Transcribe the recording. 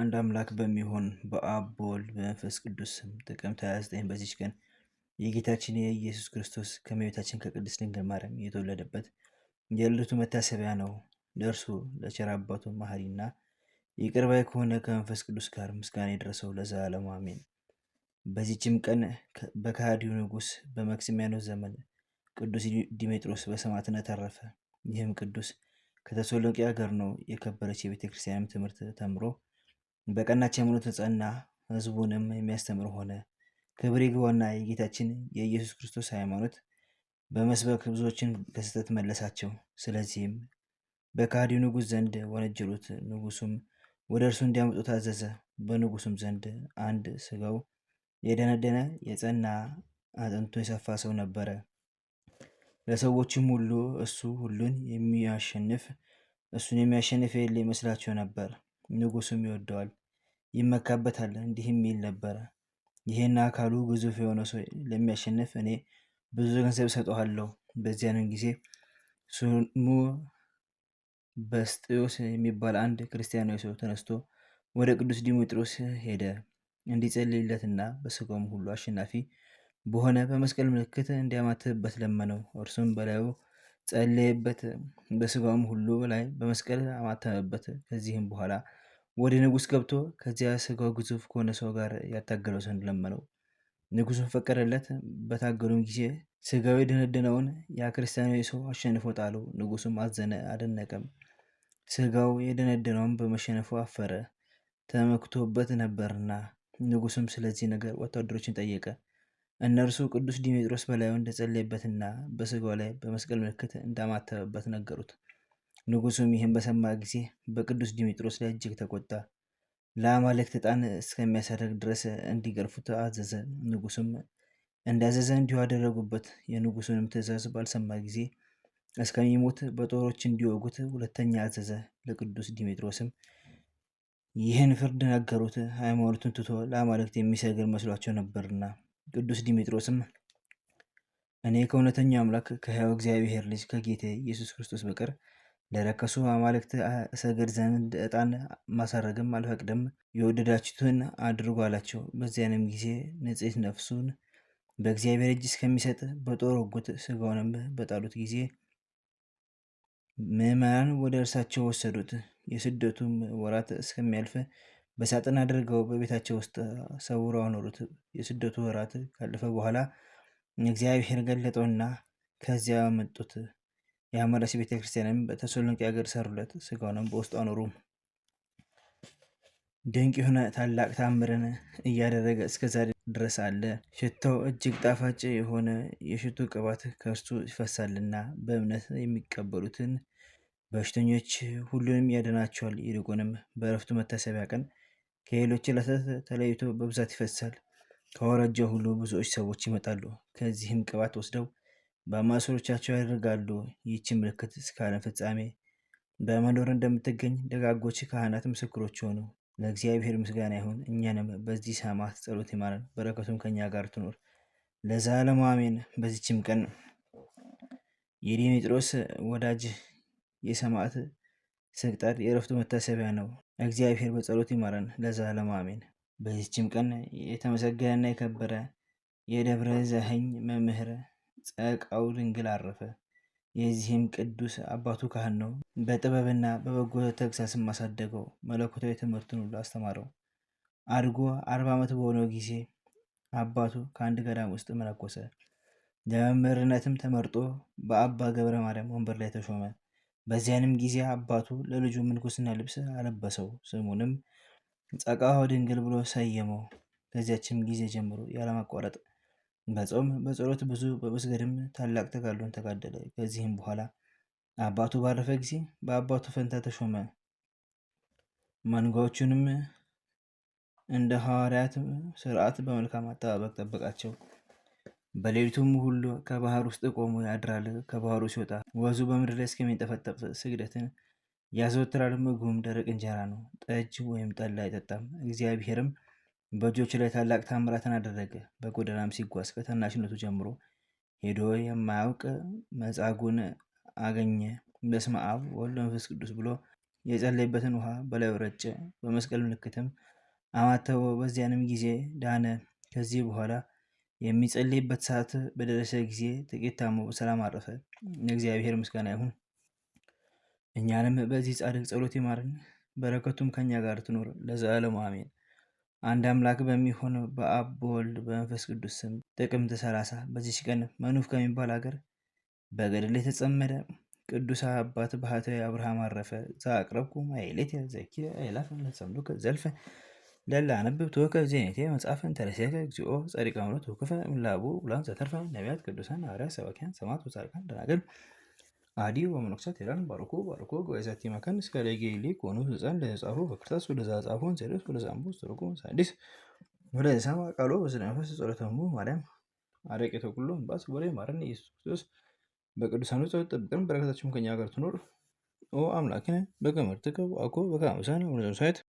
አንድ አምላክ በሚሆን በአብ በወልድ በመንፈስ ቅዱስ ስም ጥቅምት 29 በዚች ቀን የጌታችን የኢየሱስ ክርስቶስ ከእመቤታችን ከቅድስት ድንግል ማርያም የተወለደበት የልቱ መታሰቢያ ነው። ለእርሱ ለቸር አባቱ መሐሪና ይቅር ባይ ከሆነ ከመንፈስ ቅዱስ ጋር ምስጋና የደረሰው ለዘላለሙ አሜን። በዚችም ቀን በካሃዲው ንጉሥ በመክስሚያኖስ ዘመን ቅዱስ ዲሜጥሮስ በሰማዕትነት አረፈ። ይህም ቅዱስ ከተሰሎንቄ ሀገር ነው። የከበረች የቤተ ክርስቲያንም ትምህርት ተምሮ በቀናች ሃይማኖት ተጸና፣ ህዝቡንም የሚያስተምር ሆነ። ክብር ይግባውና የጌታችን የኢየሱስ ክርስቶስ ሃይማኖት በመስበክ ብዙዎችን ከስህተት መለሳቸው። ስለዚህም በከሃዲው ንጉሥ ዘንድ ወነጀሉት። ንጉሱም ወደ እርሱ እንዲያምጡ ታዘዘ። በንጉሱም ዘንድ አንድ ስጋው የደነደነ የጸና አጥንቱ የሰፋ ሰው ነበረ። ለሰዎችም ሁሉ እሱ ሁሉን የሚያሸንፍ እሱን የሚያሸንፍ የሌለ ይመስላቸው ነበር። ንጉሱም ይወደዋል፣ ይመካበታል። እንዲህም ይል ነበረ፣ ይህን አካሉ ግዙፍ የሆነ ሰው ለሚያሸንፍ እኔ ብዙ ገንዘብ ሰጠኋለሁ። በዚያንም ጊዜ ስሙ በስጢዮስ የሚባል አንድ ክርስቲያናዊ ሰው ተነስቶ ወደ ቅዱስ ዲሞጥሮስ ሄደ እንዲጸልይለትና በስጋውም ሁሉ አሸናፊ በሆነ በመስቀል ምልክት እንዲያማትበት ለመነው። እርሱም በላዩ ጸለየበት፣ በስጋውም ሁሉ ላይ በመስቀል አማተመበት ከዚህም በኋላ ወደ ንጉሥ ገብቶ ከዚያ ስጋው ግዙፍ ከሆነ ሰው ጋር ያታገለው ዘንድ ለመነው። ንጉሱን ፈቀደለት። በታገሉም ጊዜ ስጋው የደነደነውን ያ ክርስቲያናዊ ሰው አሸንፎ ጣለው። ንጉሱም አዘነ፣ አደነቀም። ስጋው የደነደነውን በመሸነፉ አፈረ፣ ተመክቶበት ነበርና። ንጉሱም ስለዚህ ነገር ወታደሮችን ጠየቀ። እነርሱ ቅዱስ ዲሜጥሮስ በላዩ እንደጸለየበትና በስጋው ላይ በመስቀል ምልክት እንዳማተበበት ነገሩት። ንጉሱም ይህን በሰማ ጊዜ በቅዱስ ዲሜጥሮስ ላይ እጅግ ተቆጣ። ለአማልክት ዕጣን እስከሚያሳደግ ድረስ እንዲገርፉት አዘዘ። ንጉሱም እንዳዘዘ እንዲሁ አደረጉበት። የንጉሱንም ትእዛዝ ባልሰማ ጊዜ እስከሚሞት በጦሮች እንዲወጉት ሁለተኛ አዘዘ። ለቅዱስ ዲሜጥሮስም ይህን ፍርድ ነገሩት። ሃይማኖቱን ትቶ ለአማልክት የሚሰግር መስሏቸው ነበርና። ቅዱስ ዲሜጥሮስም እኔ ከእውነተኛ አምላክ ከሕያው እግዚአብሔር ልጅ ከጌቴ ኢየሱስ ክርስቶስ በቀር ለረከሱ አማልክት እሰግድ ዘንድ ዕጣን ማሳረግም አልፈቅድም፣ የወደዳችሁትን አድርጉ አላቸው። በዚያንም ጊዜ ንጽሕት ነፍሱን በእግዚአብሔር እጅ እስከሚሰጥ በጦር ወጉት። ሥጋውንም በጣሉት ጊዜ ምዕመናን ወደ እርሳቸው ወሰዱት። የስደቱም ወራት እስከሚያልፍ በሳጥን አድርገው በቤታቸው ውስጥ ሰውረው አኖሩት። የስደቱ ወራት ካለፈ በኋላ እግዚአብሔር ገለጠውና ከዚያ መጡት። የአመረስ ቤተ ክርስቲያንም በተሰሎንቄ ሀገር ሰሩለት። ስጋውንም በውስጡ አኖሩ። ድንቅ የሆነ ታላቅ ታምርን እያደረገ እስከ ዛሬ ድረስ አለ። ሽታው እጅግ ጣፋጭ የሆነ የሽቱ ቅባት ከእርሱ ይፈሳልና በእምነት የሚቀበሉትን በሽተኞች ሁሉንም ያድናቸዋል። ይልቁንም በእረፍቱ መታሰቢያ ቀን ከሌሎች ለሰት ተለይቶ በብዛት ይፈሳል። ከወረጀ ሁሉ ብዙዎች ሰዎች ይመጣሉ፣ ከዚህም ቅባት ወስደው በማሰሮቻቸው ያደርጋሉ። ይህች ምልክት እስከ ዓለም ፍጻሜ በመኖር እንደምትገኝ ደጋጎች ካህናት ምስክሮች ሆኑ። ለእግዚአብሔር ምስጋና ይሁን፣ እኛንም በዚህ ሰማዕት ጸሎት ይማረን፣ በረከቱም ከኛ ጋር ትኖር ለዘላለሙ አሜን። በዚችም ቀን የዲሜጥሮስ ወዳጅ የሰማዕት ስቅጣር የእረፍቱ መታሰቢያ ነው። እግዚአብሔር በጸሎት ይማረን ለዘላለም አሜን። በዚችም ቀን የተመሰገነና የከበረ የደብረ ዘህኝ መምህር ጸቃው ድንግል አረፈ። የዚህም ቅዱስ አባቱ ካህን ነው። በጥበብና በበጎ ተግሳስም አሳደገው። መለኮታዊ ትምህርቱን ሁሉ አስተማረው። አድጎ አርባ ዓመት በሆነው ጊዜ አባቱ ከአንድ ገዳም ውስጥ መነኮሰ። ለመምህርነትም ተመርጦ በአባ ገብረ ማርያም ወንበር ላይ ተሾመ። በዚያንም ጊዜ አባቱ ለልጁ ምንኩስና ልብስ አለበሰው፣ ስሙንም ጸቅዓ ድንግል ብሎ ሰየመው። ከዚያችም ጊዜ ጀምሮ ያለማቋረጥ በጾም በጸሎት ብዙ በመስገድም ታላቅ ተጋድሎን ተጋደለ። ከዚህም በኋላ አባቱ ባረፈ ጊዜ በአባቱ ፈንታ ተሾመ። መንጋዎቹንም እንደ ሐዋርያት ስርዓት በመልካም አጠባበቅ ጠበቃቸው። በሌሊቱም ሁሉ ከባህር ውስጥ ቆሞ ያድራል። ከባህሩ ሲወጣ ወዙ በምድር ላይ እስከሚንጠፈጠፍ ስግደትን ያዘወትራል። ምግቡም ደረቅ እንጀራ ነው፣ ጠጅ ወይም ጠላ አይጠጣም። እግዚአብሔርም በእጆቹ ላይ ታላቅ ታምራትን አደረገ። በጎዳናም ሲጓዝ ከታናሽነቱ ጀምሮ ሄዶ የማያውቅ መጻጉን አገኘ። በስመ አብ ወወልድ ወመንፈስ ቅዱስ ብሎ የጸለይበትን ውሃ በላዩ ረጨ፣ በመስቀል ምልክትም አማተበው። በዚያንም ጊዜ ዳነ። ከዚህ በኋላ የሚጸልይበት ሰዓት በደረሰ ጊዜ ጥቂት ታሞ በሰላም አረፈ። ለእግዚአብሔር ምስጋና ይሁን። እኛንም በዚህ ጻድቅ ጸሎት ይማርን በረከቱም ከኛ ጋር ትኖር ለዘላለሙ አሜን። አንድ አምላክ በሚሆን በአብ በወልድ በመንፈስ ቅዱስ ስም ጥቅምት ሰላሳ በዚች ቀን መኑፍ ከሚባል ሀገር በገድል የተጸመደ ቅዱስ አባት ባህታዊ አብርሃም አረፈ። ዘአቅረብኩ ማይሌት ዘኪ አእላፍ ሰምዶ ዘልፈ ለላ ነብብ ተወከብ ዜኔቴ መጽሐፍን ተረሴከ እግዚኦ ጸሪቀ ምሎ ተወከፈ ምላቡ ላን ዘተርፈ ነቢያት ቅዱሳን ሐዋርያት ሰባኪያን ሰማት ወጻድቃን ደናገል አዲ ወመኖክሳት ሄራን ባርኮ ባርኮ ጉባኤዛቲ መከን እስከ ለጌሊ ኮኑ ህፃን ለህፃፉ በክርታስ ወደዛ ጻፎን ሴደስ ወደ ዛምቦ ስትርቁ ሳዲስ ወደ ሰማ ቃሎ በስነ ጸሎተሙ ማርያም አረቄቶ ኩሎ እንባስ ወሬ ማረን ኢየሱስ ክርስቶስ በቅዱሳኑ ጸሎት ጠብቀን በረከታችሁም ከኛ ጋር ትኖር ኦ አምላክን በገመርትከው አኮ በካምሳን ወደ ሳይት